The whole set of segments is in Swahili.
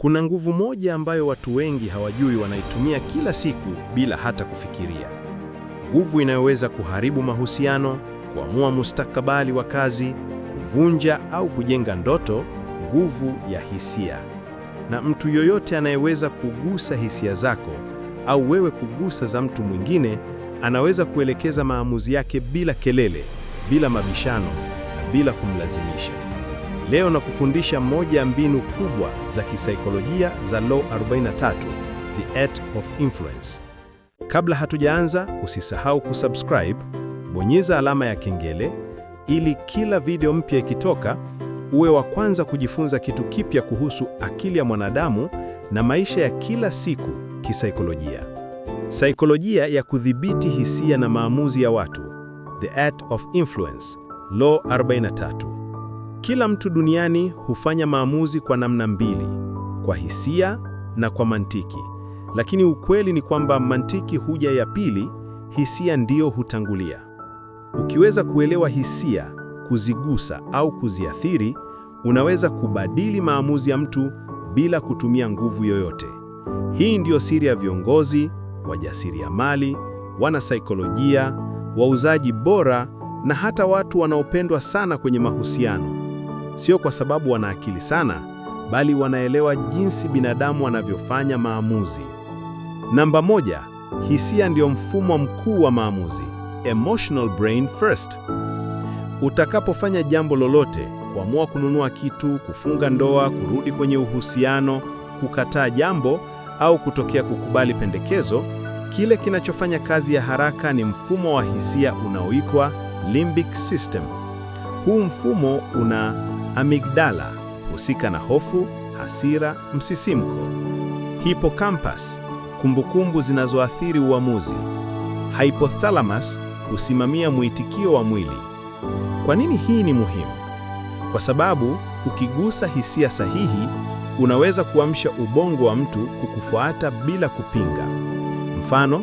Kuna nguvu moja ambayo watu wengi hawajui wanaitumia kila siku bila hata kufikiria, nguvu inayoweza kuharibu mahusiano, kuamua mustakabali wa kazi, kuvunja au kujenga ndoto, nguvu ya hisia. Na mtu yoyote anayeweza kugusa hisia zako au wewe kugusa za mtu mwingine, anaweza kuelekeza maamuzi yake bila kelele, bila mabishano na bila kumlazimisha. Leo na kufundisha moja ya mbinu kubwa za kisaikolojia za Law 43, The Art of Influence. Kabla hatujaanza, usisahau kusubscribe, bonyeza alama ya kengele ili kila video mpya ikitoka uwe wa kwanza kujifunza kitu kipya kuhusu akili ya mwanadamu na maisha ya kila siku kisaikolojia. Saikolojia ya kudhibiti hisia na maamuzi ya watu, The Art of Influence, Law 43. Kila mtu duniani hufanya maamuzi kwa namna mbili, kwa hisia na kwa mantiki. Lakini ukweli ni kwamba mantiki huja ya pili, hisia ndiyo hutangulia. Ukiweza kuelewa hisia, kuzigusa au kuziathiri, unaweza kubadili maamuzi ya mtu bila kutumia nguvu yoyote. Hii ndiyo siri ya viongozi, wajasiriamali, wanasaikolojia, wauzaji bora na hata watu wanaopendwa sana kwenye mahusiano sio kwa sababu wana akili sana, bali wanaelewa jinsi binadamu wanavyofanya maamuzi. Namba moja, hisia ndio mfumo mkuu wa maamuzi, emotional brain first. Utakapofanya jambo lolote, kuamua kununua kitu, kufunga ndoa, kurudi kwenye uhusiano, kukataa jambo au kutokea kukubali pendekezo, kile kinachofanya kazi ya haraka ni mfumo wa hisia unaoitwa limbic system. Huu mfumo una amigdala husika na hofu, hasira, msisimko. Hippocampus kumbukumbu zinazoathiri uamuzi. Hypothalamus husimamia mwitikio wa mwili. Kwa nini hii ni muhimu? Kwa sababu ukigusa hisia sahihi, unaweza kuamsha ubongo wa mtu kukufuata bila kupinga. Mfano,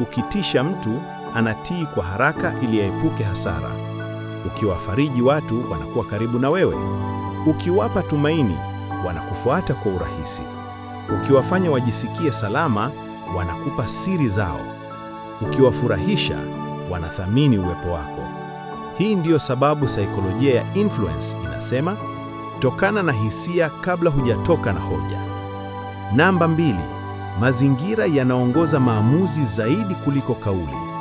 ukitisha mtu anatii kwa haraka ili aepuke hasara. Ukiwafariji watu, wanakuwa karibu na wewe. Ukiwapa tumaini, wanakufuata kwa urahisi. Ukiwafanya wajisikie salama, wanakupa siri zao. Ukiwafurahisha, wanathamini uwepo wako. Hii ndiyo sababu saikolojia ya influence inasema tokana na hisia kabla hujatoka na hoja. Namba mbili, mazingira yanaongoza maamuzi zaidi kuliko kauli.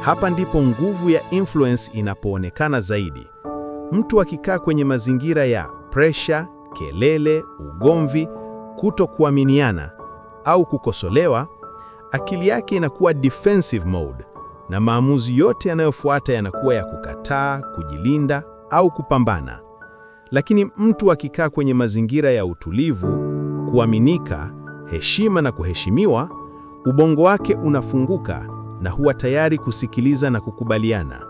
Hapa ndipo nguvu ya influence inapoonekana zaidi. Mtu akikaa kwenye mazingira ya presha, kelele, ugomvi, kutokuaminiana au kukosolewa, akili yake inakuwa defensive mode na maamuzi yote yanayofuata yanakuwa ya kukataa, kujilinda au kupambana. Lakini mtu akikaa kwenye mazingira ya utulivu, kuaminika, heshima na kuheshimiwa, ubongo wake unafunguka na huwa tayari kusikiliza na kukubaliana.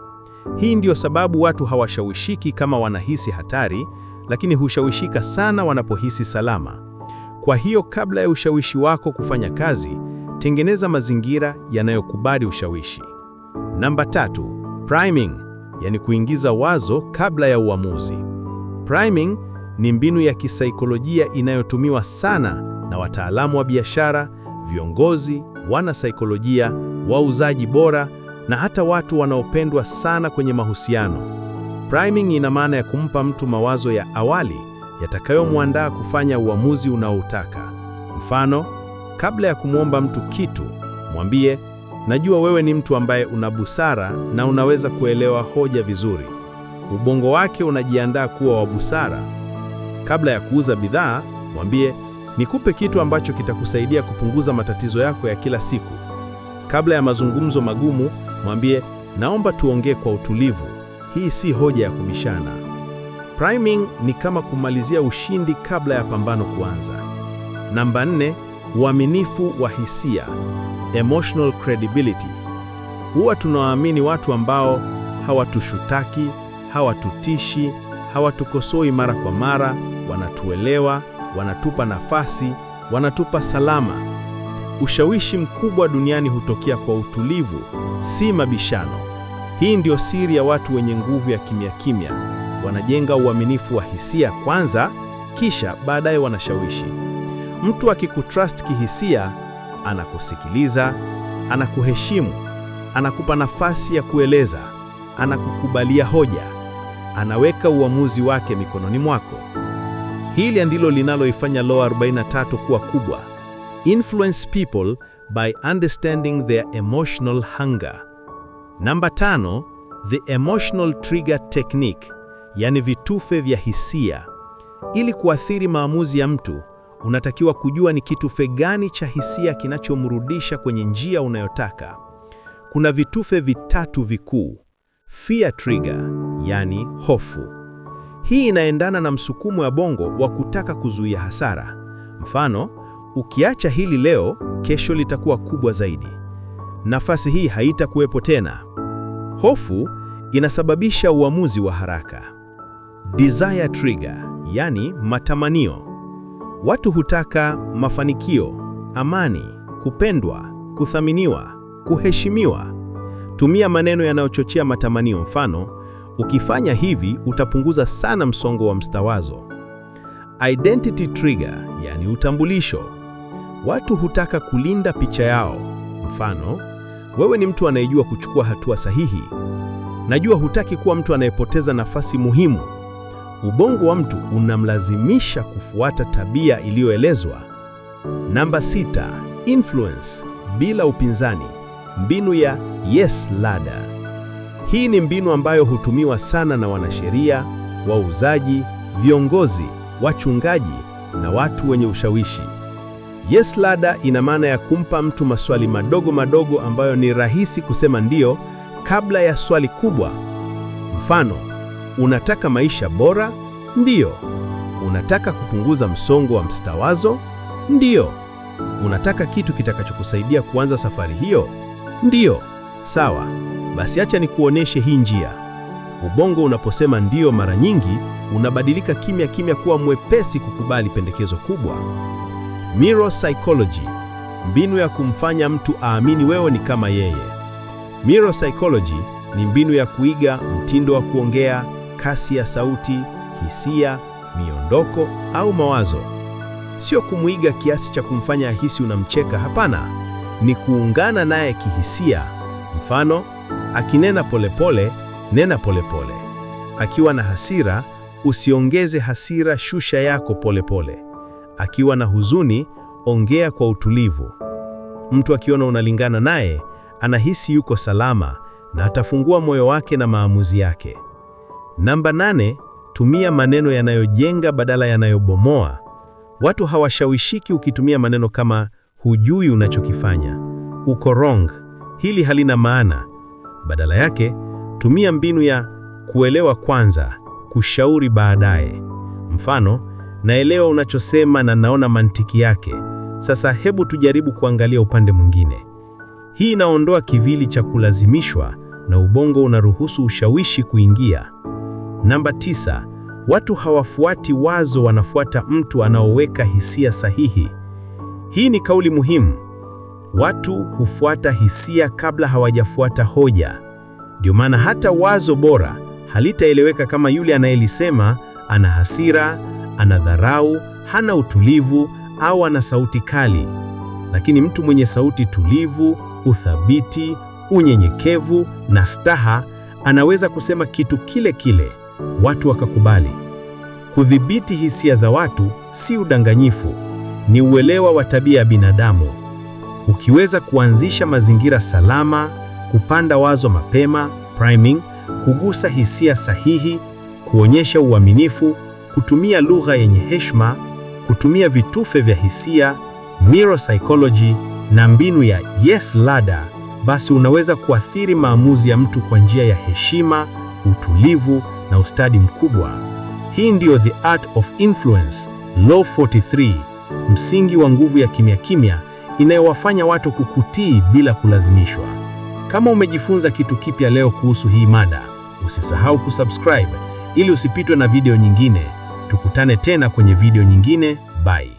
Hii ndiyo sababu watu hawashawishiki kama wanahisi hatari, lakini hushawishika sana wanapohisi salama. Kwa hiyo, kabla ya ushawishi wako kufanya kazi, tengeneza mazingira yanayokubali ushawishi. Namba tatu, priming, yani kuingiza wazo kabla ya uamuzi. Priming ni mbinu ya kisaikolojia inayotumiwa sana na wataalamu wa biashara, viongozi, wanasaikolojia, wauzaji bora na hata watu wanaopendwa sana kwenye mahusiano. Priming ina maana ya kumpa mtu mawazo ya awali yatakayomwandaa kufanya uamuzi unaoutaka. Mfano, kabla ya kumwomba mtu kitu, mwambie, najua wewe ni mtu ambaye una busara na unaweza kuelewa hoja vizuri. Ubongo wake unajiandaa kuwa wa busara. Kabla ya kuuza bidhaa, mwambie Nikupe kitu ambacho kitakusaidia kupunguza matatizo yako ya kila siku. Kabla ya mazungumzo magumu, mwambie naomba tuongee kwa utulivu. Hii si hoja ya kubishana. Priming ni kama kumalizia ushindi kabla ya pambano kuanza. Namba nne, uaminifu wa hisia, emotional credibility. Huwa tunawaamini watu ambao hawatushutaki, hawatutishi, hawatukosoi mara kwa mara, wanatuelewa wanatupa nafasi, wanatupa salama. Ushawishi mkubwa duniani hutokea kwa utulivu, si mabishano. Hii ndio siri ya watu wenye nguvu ya kimya kimya. Wanajenga uaminifu wa hisia kwanza, kisha baadaye wanashawishi. Mtu akikutrust kihisia, anakusikiliza, anakuheshimu, anakupa nafasi ya kueleza, anakukubalia hoja, anaweka uamuzi wake mikononi mwako. Hili ndilo linaloifanya Law 43 kuwa kubwa. Influence people by understanding their emotional hunger. Namba tano, the emotional trigger technique, yani vitufe vya hisia. Ili kuathiri maamuzi ya mtu, unatakiwa kujua ni kitufe gani cha hisia kinachomrudisha kwenye njia unayotaka. Kuna vitufe vitatu vikuu: fear trigger, yani hofu hii inaendana na msukumo wa bongo wa kutaka kuzuia hasara. Mfano, ukiacha hili leo, kesho litakuwa kubwa zaidi, nafasi hii haitakuwepo tena. Hofu inasababisha uamuzi wa haraka. Desire trigger, yani matamanio. Watu hutaka mafanikio, amani, kupendwa, kuthaminiwa, kuheshimiwa. Tumia maneno yanayochochea matamanio, mfano Ukifanya hivi utapunguza sana msongo wa mstawazo. Identity trigger, yani utambulisho. Watu hutaka kulinda picha yao. Mfano, wewe ni mtu anayejua kuchukua hatua sahihi. Najua hutaki kuwa mtu anayepoteza nafasi muhimu. Ubongo wa mtu unamlazimisha kufuata tabia iliyoelezwa. Namba sita, influence bila upinzani, mbinu ya yes ladder. Hii ni mbinu ambayo hutumiwa sana na wanasheria, wauzaji, viongozi, wachungaji na watu wenye ushawishi. Yes Ladder ina maana ya kumpa mtu maswali madogo madogo ambayo ni rahisi kusema ndiyo kabla ya swali kubwa. Mfano, unataka maisha bora? Ndiyo. Unataka kupunguza msongo wa mstawazo? Ndiyo. Unataka kitu kitakachokusaidia kuanza safari hiyo? Ndiyo. Sawa. Basi acha nikuoneshe hii njia. Ubongo unaposema ndiyo mara nyingi, unabadilika kimya kimya kuwa mwepesi kukubali pendekezo kubwa. Mirror psychology, mbinu ya kumfanya mtu aamini wewe ni kama yeye. Mirror psychology ni mbinu ya kuiga mtindo wa kuongea, kasi ya sauti, hisia, miondoko au mawazo. Sio kumwiga kiasi cha kumfanya ahisi unamcheka, hapana. Ni kuungana naye kihisia. Mfano, akinena polepole, nena polepole. Akiwa na hasira, usiongeze hasira, shusha yako polepole. Akiwa na huzuni, ongea kwa utulivu. Mtu akiona unalingana naye, anahisi yuko salama na atafungua moyo wake na maamuzi yake. Namba nane, tumia maneno yanayojenga badala yanayobomoa. Watu hawashawishiki ukitumia maneno kama hujui unachokifanya, uko wrong, hili halina maana, badala yake, tumia mbinu ya kuelewa kwanza, kushauri baadaye. Mfano, naelewa unachosema na naona mantiki yake. Sasa hebu tujaribu kuangalia upande mwingine. Hii inaondoa kivili cha kulazimishwa na ubongo unaruhusu ushawishi kuingia. Namba tisa, watu hawafuati wazo, wanafuata mtu anaoweka hisia sahihi. Hii ni kauli muhimu. Watu hufuata hisia kabla hawajafuata hoja. Ndio maana hata wazo bora halitaeleweka kama yule anayelisema ana hasira, ana dharau, hana utulivu au ana sauti kali. Lakini mtu mwenye sauti tulivu, uthabiti, unyenyekevu na staha anaweza kusema kitu kile kile, watu wakakubali. Kudhibiti hisia za watu si udanganyifu, ni uelewa wa tabia ya binadamu. Ukiweza kuanzisha mazingira salama kupanda wazo mapema priming, kugusa hisia sahihi, kuonyesha uaminifu, kutumia lugha yenye heshima, kutumia vitufe vya hisia, mirror psychology na mbinu ya yes ladder, basi unaweza kuathiri maamuzi ya mtu kwa njia ya heshima, utulivu na ustadi mkubwa. Hii ndiyo The Art of Influence, Law 43, msingi wa nguvu ya kimya kimya inayowafanya watu kukutii bila kulazimishwa. Kama umejifunza kitu kipya leo kuhusu hii mada, usisahau kusubscribe ili usipitwe na video nyingine. Tukutane tena kwenye video nyingine. Bye.